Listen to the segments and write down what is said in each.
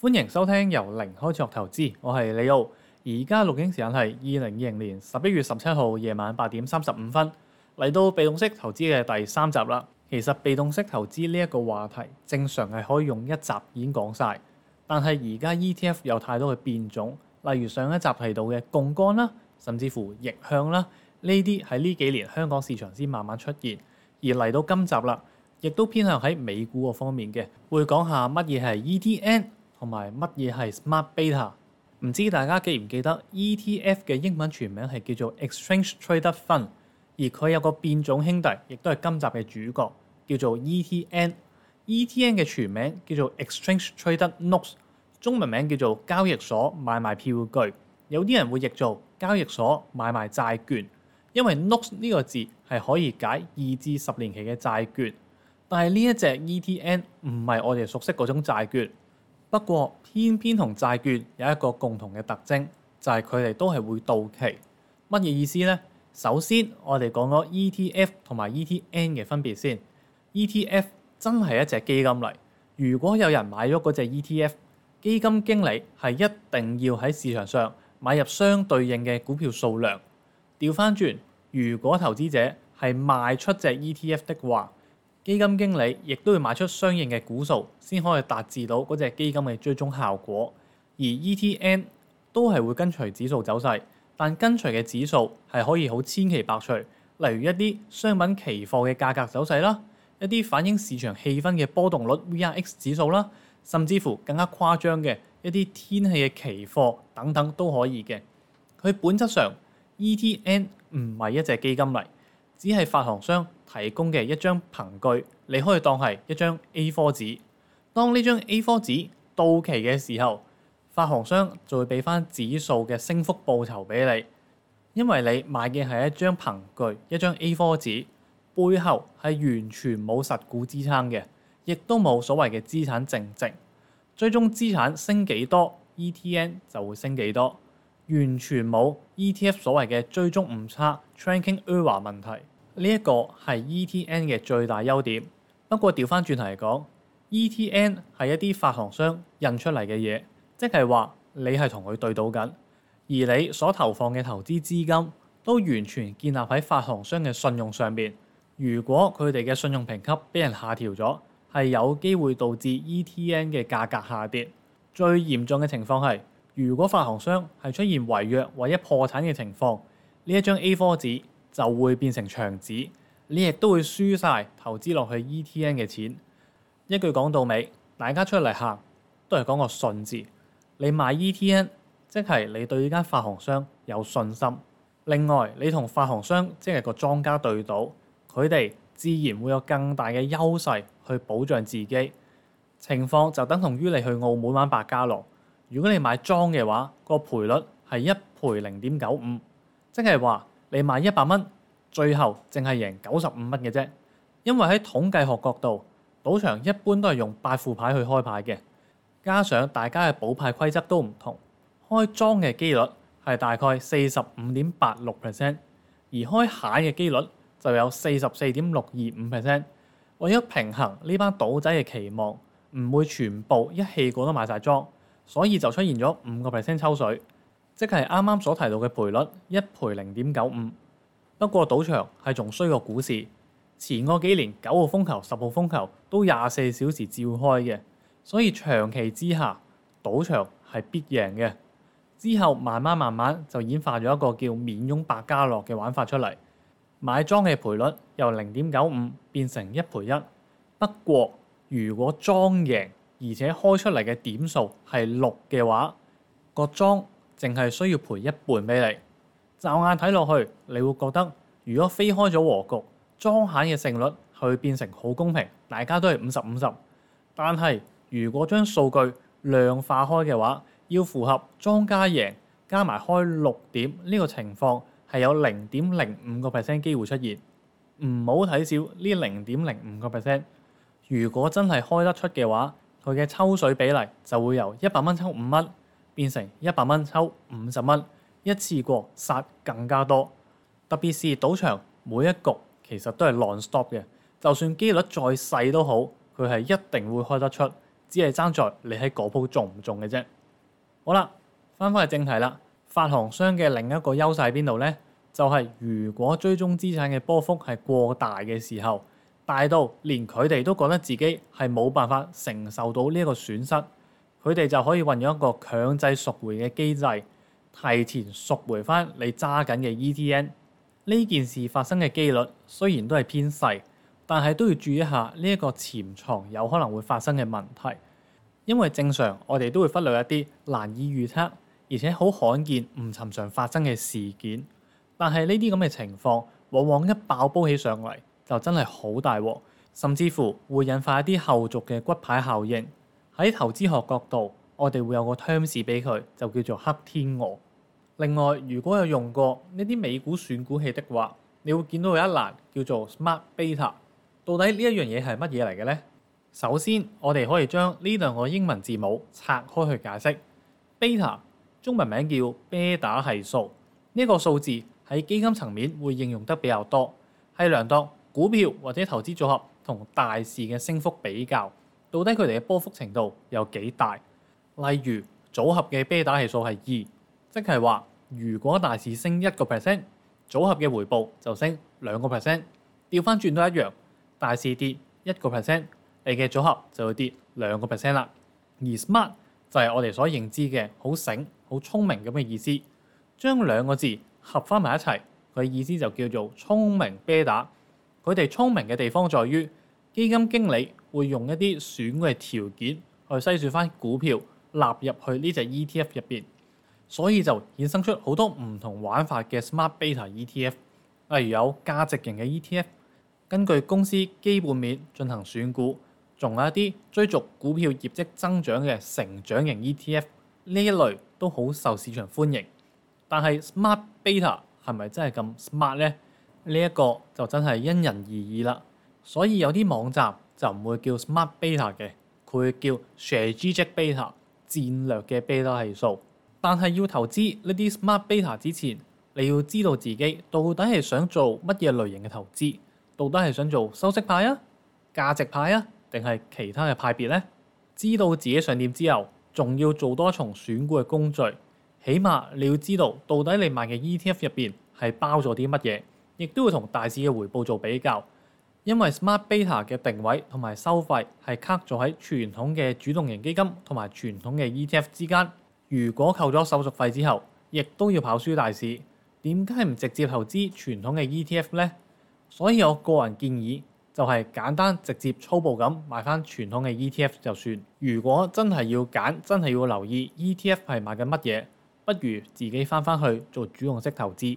歡迎收聽由零開始學投資，我係李奧。而家錄影時間係二零二零年十一月十七號夜晚八點三十五分，嚟到被動式投資嘅第三集啦。其實被動式投資呢一個話題，正常係可以用一集已經講晒。但係而家 E T F 有太多嘅變種，例如上一集提到嘅槓桿啦，甚至乎逆向啦，呢啲喺呢幾年香港市場先慢慢出現。而嚟到今集啦，亦都偏向喺美股個方面嘅，會講下乜嘢係 ETN。同埋乜嘢係 Smart Beta？唔知大家記唔記得 ETF 嘅英文全名係叫做 Exchange Traded Fund，而佢有個變種兄弟，亦都係今集嘅主角，叫做 ETN。ETN 嘅全名叫做 Exchange Traded Notes，中文名叫做交易所買賣票據。有啲人會譯做交易所買賣債券，因為 Notes 呢個字係可以解二至十年期嘅債券。但係呢一隻 ETN 唔係我哋熟悉嗰種債券。不過，偏偏同債券有一個共同嘅特徵，就係佢哋都係會到期。乜嘢意思呢？首先，我哋講咗 ETF 同埋 ETN 嘅分別先。ETF 真係一隻基金嚟，如果有人買咗嗰隻 ETF，基金經理係一定要喺市場上買入相對應嘅股票數量。調返轉，如果投資者係賣出隻 ETF 嘅話。基金經理亦都會買出相應嘅股數，先可以達至到嗰隻基金嘅追蹤效果。而 ETN 都係會跟隨指數走勢，但跟隨嘅指數係可以好千奇百趣，例如一啲商品期貨嘅價格走勢啦，一啲反映市場氣氛嘅波動率 VIX 指數啦，甚至乎更加誇張嘅一啲天氣嘅期貨等等都可以嘅。佢本質上 ETN 唔係一隻基金嚟。只係發行商提供嘅一張憑據，你可以當係一張 A4 紙。當呢張 A4 紙到期嘅時候，發行商就會俾翻指數嘅升幅報酬俾你，因為你買嘅係一張憑據、一張 A4 紙，背後係完全冇實股支撐嘅，亦都冇所謂嘅資產淨值，追蹤資產升幾多，ETN 就會升幾多，完全冇 ETF 所謂嘅追蹤誤差、tracking error 問題。呢一個係 ETN 嘅最大優點。不過調翻轉頭嚟講，ETN 係一啲發行商印出嚟嘅嘢，即係話你係同佢對賭緊，而你所投放嘅投資資金都完全建立喺發行商嘅信用上面。如果佢哋嘅信用評級俾人下調咗，係有機會導致 ETN 嘅價格下跌。最嚴重嘅情況係，如果發行商係出現違約或者破產嘅情況，呢一張 A4 紙，就會變成牆紙，你亦都會輸晒投資落去 ETN 嘅錢。一句講到尾，大家出嚟行都係講個信字。你買 ETN，即係你對呢間發行商有信心。另外，你同發行商即係個莊家對賭，佢哋自然會有更大嘅優勢去保障自己。情況就等同於你去澳門玩百家樂。如果你買莊嘅話，個賠率係一賠零點九五，即係話，你買一百蚊，最後淨係贏九十五蚊嘅啫。因為喺統計學角度，賭場一般都係用八副牌去開牌嘅，加上大家嘅補牌規則都唔同，開莊嘅機率係大概四十五點八六 percent，而開閒嘅機率就有四十四點六二五 percent。為咗平衡呢班賭仔嘅期望，唔會全部一氣過都買晒莊，所以就出現咗五個 percent 抽水。即係啱啱所提到嘅賠率一賠零點九五，不過賭場係仲衰過股市。前嗰幾年九號風球、十號風球都廿四小時照開嘅，所以長期之下賭場係必贏嘅。之後慢慢慢慢就演化咗一個叫免佣百家樂嘅玩法出嚟，買莊嘅賠率由零點九五變成一賠一。不過如果莊贏而且開出嚟嘅點數係六嘅話，個莊，淨係需要賠一半俾你，驟眼睇落去，你會覺得如果飛開咗和局，莊閒嘅勝率係會變成好公平，大家都係五十五十。但係如果將數據量化開嘅話，要符合莊家贏加埋開六點呢個情況，係有零點零五個 percent 機會出現。唔好睇少呢零點零五個 percent，如果真係開得出嘅話，佢嘅抽水比例就會由一百蚊抽五蚊。變成一百蚊抽五十蚊，一次過殺更加多。特別是賭場，每一局其實都係浪 stop 嘅，就算機率再細都好，佢係一定會開得出，只係爭在你喺嗰鋪中唔中嘅啫。好啦，翻返去正題啦。發行商嘅另一個優勢喺邊度呢？就係如果追蹤資產嘅波幅係過大嘅時候，大到連佢哋都覺得自己係冇辦法承受到呢一個損失。佢哋就可以運用一個強制贖回嘅機制，提前贖回翻你揸緊嘅 ETN。呢件事發生嘅機率雖然都係偏細，但係都要注意下呢一個潛藏有可能會發生嘅問題。因為正常我哋都會忽略一啲難以預測而且好罕見唔尋常發生嘅事件。但係呢啲咁嘅情況，往往一爆煲起上嚟就真係好大鑊，甚至乎會引發一啲後續嘅骨牌效應。喺投資學角度，我哋會有個 terms 俾佢，就叫做黑天鵝。另外，如果有用過呢啲美股選股器的話，你會見到有一欄叫做 Smart Beta。到底呢一樣嘢係乜嘢嚟嘅呢？首先，我哋可以將呢兩個英文字母拆開去解釋。Beta 中文名叫 beta 係數，呢個數字喺基金層面會應用得比較多，係量度股票或者投資組合同大市嘅升幅比較。到底佢哋嘅波幅程度有幾大？例如組合嘅啤打係數係二，即係話如果大市升一個 percent，組合嘅回報就升兩個 percent。調翻轉都一樣，大市跌一個 percent，你嘅組合就會跌兩個 percent 啦。而 smart 就係我哋所認知嘅好醒、好聰明咁嘅意思，將兩個字合翻埋一齊，佢意思就叫做聰明啤打。佢哋聰明嘅地方在於，基金經理會用一啲選嘅條件去篩選翻股票納入去呢隻 ETF 入邊，所以就衍生出好多唔同玩法嘅 Smart Beta ETF，例如有價值型嘅 ETF，根據公司基本面進行選股，仲有一啲追逐股票業績增長嘅成長型 ETF，呢一類都好受市場歡迎。但係 Smart Beta 係咪真係咁 smart 咧？呢一個就真係因人而異啦。所以有啲網站就唔會叫 Smart Beta 嘅，佢叫 Strategy Beta 戰略嘅 beta 係數。但係要投資呢啲 Smart Beta 之前，你要知道自己到底係想做乜嘢類型嘅投資，到底係想做收息派啊、價值派啊，定係其他嘅派別呢？知道自己想點之後，仲要做多重選股嘅工序，起碼你要知道到底你買嘅 ETF 入邊係包咗啲乜嘢，亦都會同大市嘅回報做比較。因為 Smart Beta 嘅定位同埋收費係卡咗喺傳統嘅主動型基金同埋傳統嘅 ETF 之間。如果扣咗手續費之後，亦都要跑輸大市，點解唔直接投資傳統嘅 ETF 呢？所以我個人建議就係簡單直接粗暴咁買翻傳統嘅 ETF 就算。如果真係要揀，真係要留意 ETF 係買緊乜嘢，不如自己翻返去做主動式投資。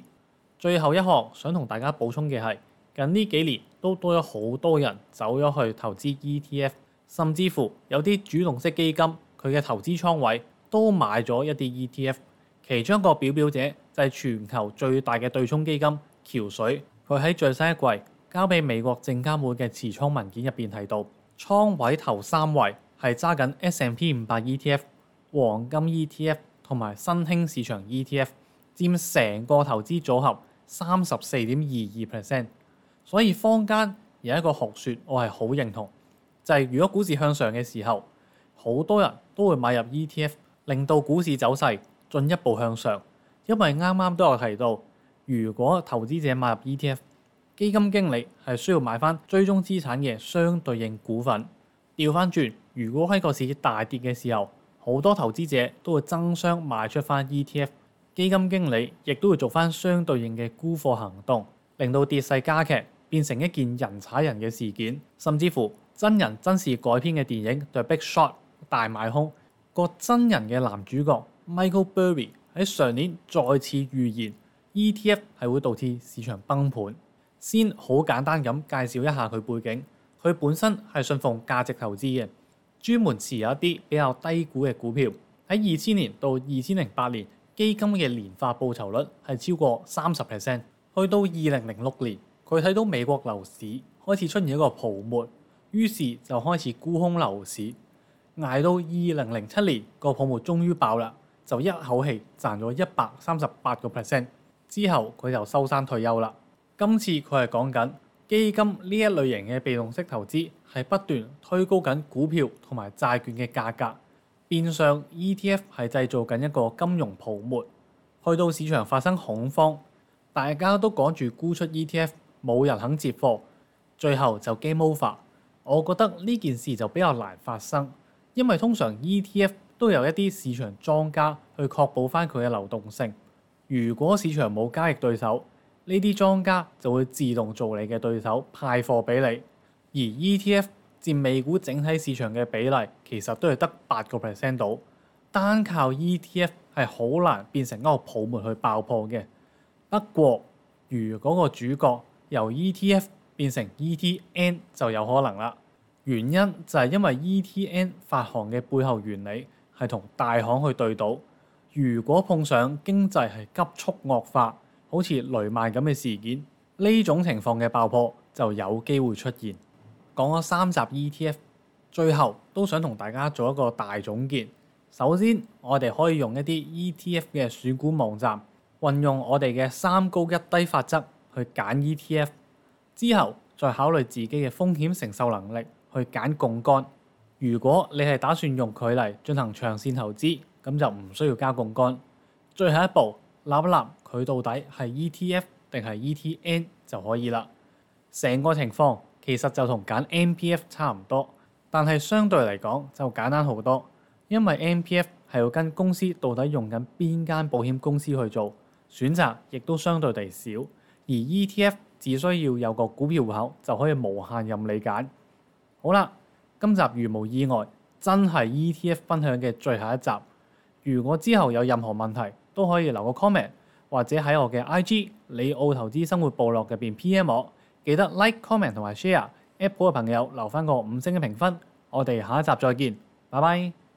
最後一項想同大家補充嘅係，近呢幾年都多咗好多人走咗去投資 ETF，甚至乎有啲主動式基金佢嘅投資倉位都買咗一啲 ETF。其中個表表者就係全球最大嘅對沖基金橋水，佢喺最新一季交俾美國證監會嘅持倉文件入邊提到，倉位頭三位係揸緊 S&P 五百 ETF、黃金 ETF 同埋新興市場 ETF，佔成個投資組合三十四點二二 percent。所以坊間有一個學説，我係好認同，就係如果股市向上嘅時候，好多人都會買入 ETF，令到股市走勢進一步向上。因為啱啱都有提到，如果投資者買入 ETF，基金經理係需要買翻追蹤資產嘅相對應股份。調翻轉，如果喺個市大跌嘅時候，好多投資者都會爭相賣出翻 ETF，基金經理亦都會做翻相對應嘅沽貨行動，令到跌勢加劇。變成一件人踩人嘅事件，甚至乎真人真事改編嘅電影《The Big Short》大賣空，那個真人嘅男主角 Michael Burry 喺上年再次預言 ETF 係會導致市場崩盤。先好簡單咁介紹一下佢背景，佢本身係信奉價值投資嘅，專門持有一啲比較低估嘅股票。喺二千年到二千零八年，基金嘅年化報酬率係超過三十 percent，去到二零零六年。佢睇到美國樓市開始出現一個泡沫，於是就開始沽空樓市，捱到二零零七年個泡沫終於爆啦，就一口氣賺咗一百三十八個 percent。之後佢就收山退休啦。今次佢係講緊基金呢一類型嘅被動式投資係不斷推高緊股票同埋債券嘅價格，變相 ETF 係製造緊一個金融泡沫，去到市場發生恐慌，大家都趕住沽出 ETF。冇人肯接貨，最後就 game over。我覺得呢件事就比較難發生，因為通常 ETF 都有一啲市場莊家去確保翻佢嘅流動性。如果市場冇交易對手，呢啲莊家就會自動做你嘅對手派貨俾你。而 ETF 佔美股整體市場嘅比例其實都係得八個 percent 到，單靠 ETF 係好難變成一個泡沫去爆破嘅。不過，如果個主角，由 ETF 變成 ETN 就有可能啦，原因就係因為 ETN 發行嘅背後原理係同大行去對賭，如果碰上經濟係急速惡化，好似雷曼咁嘅事件，呢種情況嘅爆破就有機會出現。講咗三集 ETF，最後都想同大家做一個大總結。首先，我哋可以用一啲 ETF 嘅選股網站，運用我哋嘅三高一低法則。去揀 ETF 之後，再考慮自己嘅風險承受能力去揀槓桿。如果你係打算用佢嚟進行長線投資，咁就唔需要加槓桿。最後一步，諗一諗佢到底係 ETF 定係 ETN 就可以啦。成個情況其實就同揀 MPF 差唔多，但係相對嚟講就簡單好多，因為 MPF 係要跟公司到底用緊邊間保險公司去做，選擇亦都相對地少。而 ETF 只需要有個股票戶口就可以無限任你揀。好啦，今集如無意外，真係 ETF 分享嘅最後一集。如果之後有任何問題，都可以留個 comment 或者喺我嘅 IG Leo 投資生活部落入邊 PM 我。記得 like、comment 同埋 share。Apple 嘅朋友留返個五星嘅評分。我哋下一集再見，拜拜。